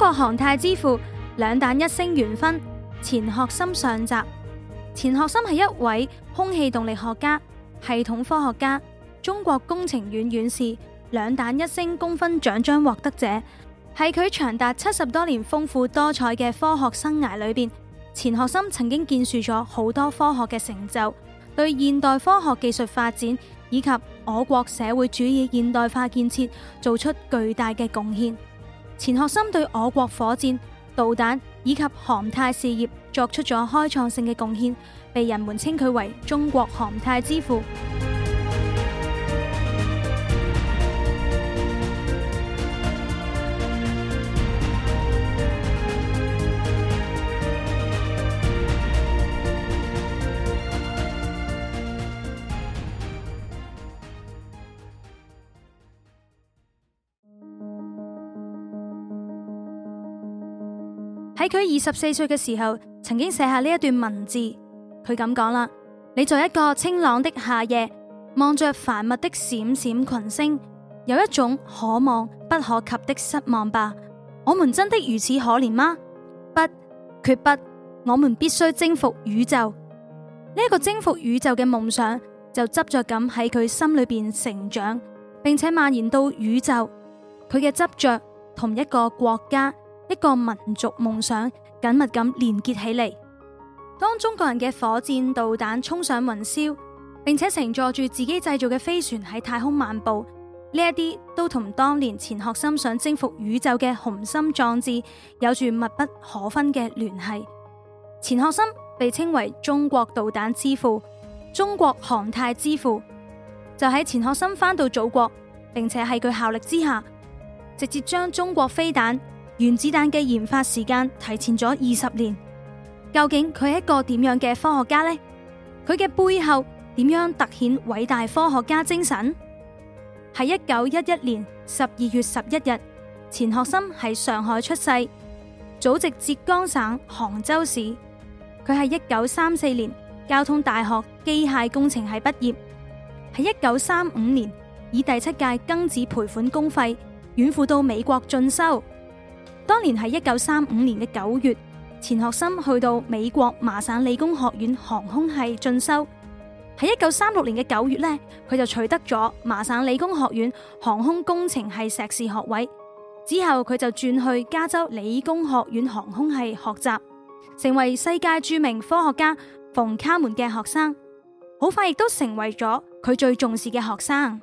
中國航太之父，兩彈一星元勛，錢學森上集。錢學森係一位空氣動力學家、系統科學家、中國工程院院士、兩彈一星功勛獎章獲得者。係佢長達七十多年豐富多彩嘅科學生涯裏邊，錢學森曾經建樹咗好多科學嘅成就，對現代科學技術發展以及我國社會主義現代化建設做出巨大嘅貢獻。錢學森對我國火箭、導彈以及航太事業作出咗開創性嘅貢獻，被人們稱佢為中國航太之父。喺佢二十四歲嘅時候，曾經寫下呢一段文字，佢咁講啦：你在一個清朗的夏夜，望着繁密的閃閃群星，有一種可望不可及的失望吧？我們真的如此可憐嗎？不，絕不，我們必須征服宇宙。呢一個征服宇宙嘅夢想就執着咁喺佢心裏邊成長，並且蔓延到宇宙。佢嘅執着同一個國家，一個民族夢想緊密咁連結起嚟。當中國人嘅火箭導彈衝上雲霄，並且乘坐住自己製造嘅飛船喺太空漫步，呢一啲都同當年錢學森想征服宇宙嘅雄心壯志有住密不可分嘅聯繫。錢學森被稱為中國導彈之父、中國航太之父。就喺錢學森返到祖國，並且喺佢效力之下，直接將中國飛彈。原子彈嘅研發時間提前咗二十年，究竟佢係一個點樣嘅科學家呢？佢嘅背後點樣凸顯偉大科學家精神？喺一九一一年十二月十一日，錢學森喺上海出世，祖籍浙江省杭州市。佢喺一九三四年交通大學機械工程系畢業，喺一九三五年以第七屆庚子賠款公費遠赴到美國進修。當年係一九三五年嘅九月，錢學森去到美國麻省理工學院航空系進修。喺一九三六年嘅九月咧，佢就取得咗麻省理工學院航空工程系碩士學位。之後佢就轉去加州理工學院航空系學習，成為世界著名科學家馮卡門嘅學生。好快亦都成為咗佢最重視嘅學生。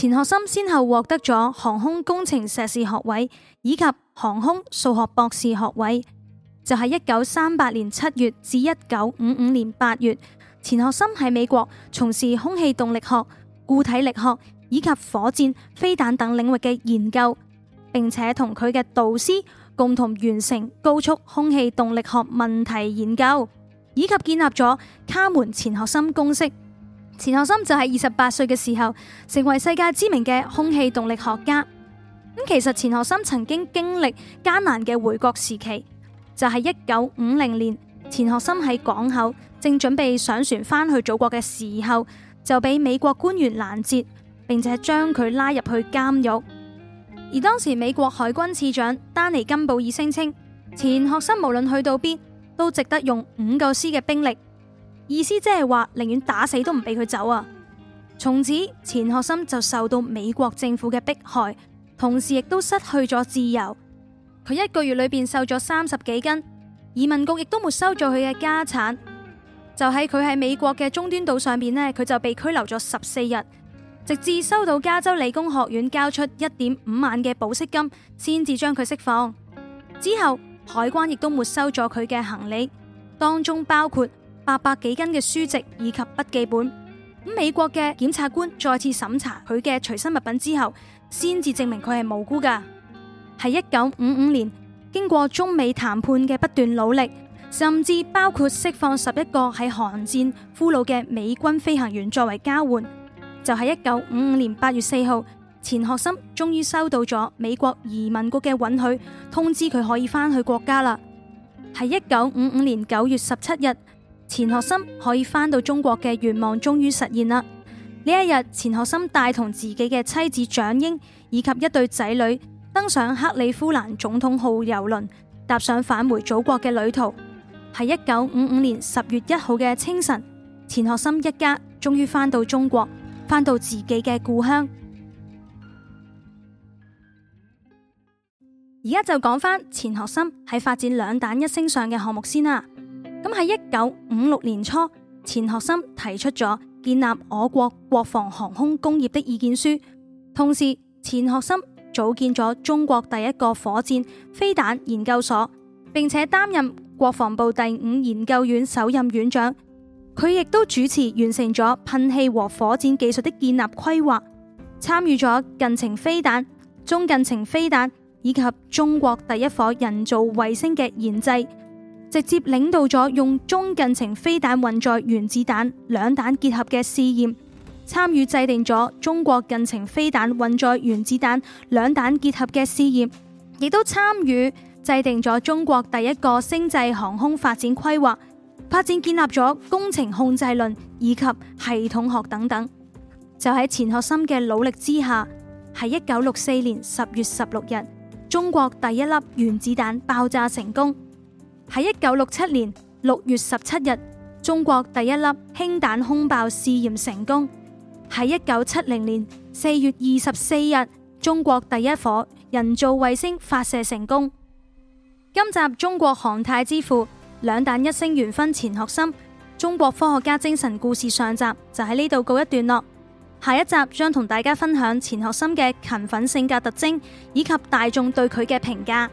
錢學森先後獲得咗航空工程碩士學位以及航空數學博士學位。就喺一九三八年七月至一九五五年八月，錢學森喺美國從事空氣動力學、固體力學以及火箭、飛彈等領域嘅研究，並且同佢嘅導師共同完成高速空氣動力學問題研究，以及建立咗卡門錢學森公式。錢學森就喺二十八歲嘅時候，成為世界知名嘅空氣動力學家。咁其實錢學森曾經經歷艱難嘅回國時期，就係一九五零年，錢學森喺港口正準備上船翻去祖國嘅時候，就俾美國官員攔截，並且將佢拉入去監獄。而當時美國海軍次長丹尼金布爾已聲稱，錢學森無論去到邊，都值得用五個師嘅兵力。意思即係話，寧願打死都唔俾佢走啊！從此錢學森就受到美國政府嘅迫害，同時亦都失去咗自由。佢一個月裏邊瘦咗三十幾斤，移民局亦都沒收咗佢嘅家產。就喺佢喺美國嘅終端島上邊呢，佢就被拘留咗十四日，直至收到加州理工學院交出一點五萬嘅保釋金，先至將佢釋放。之後，海關亦都沒收咗佢嘅行李，當中包括。八百幾斤嘅書籍以及筆記本，美國嘅檢察官再次審查佢嘅隨身物品之後，先至證明佢係無辜噶喺一九五五年，經過中美談判嘅不斷努力，甚至包括釋放十一個喺韓戰俘虜嘅美軍飛行員作為交換，就喺一九五五年八月四號，錢學森終於收到咗美國移民局嘅允許通知，佢可以翻去國家啦。喺一九五五年九月十七日。錢學森可以翻到中國嘅願望終於實現啦！呢一日，錢學森帶同自己嘅妻子蔣英以及一對仔女登上克里夫蘭總統號郵輪，踏上返回祖國嘅旅途。喺一九五五年十月一號嘅清晨，錢學森一家終於翻到中國，翻到自己嘅故鄉。而家就講翻錢學森喺發展兩彈一星上嘅項目先啦。咁喺一九五六年初，錢學森提出咗建立我國國防航空工業的意見書，同時錢學森組建咗中國第一個火箭飛彈研究所，並且擔任國防部第五研究院首任院長。佢亦都主持完成咗噴氣和火箭技術的建立規劃，參與咗近程飛彈、中近程飛彈以及中國第一顆人造衛星嘅研製。直接領導咗用中近程飛彈運載原子彈兩彈結合嘅試驗，參與制定咗中國近程飛彈運載原子彈兩彈結合嘅試驗，亦都參與制定咗中國第一個星際航空發展規劃，發展建立咗工程控制論以及系統學等等。就喺錢學森嘅努力之下，喺一九六四年十月十六日，中國第一粒原子彈爆炸成功。喺一九六七年六月十七日，中國第一粒氫彈空爆試驗成功；喺一九七零年四月二十四日，中國第一顆人造衛星發射成功。今集《中國航太之父》兩彈一星元勛錢學森，中國科學家精神故事上集就喺呢度告一段落。下一集將同大家分享錢學森嘅勤奮性格特徵，以及大眾對佢嘅評價。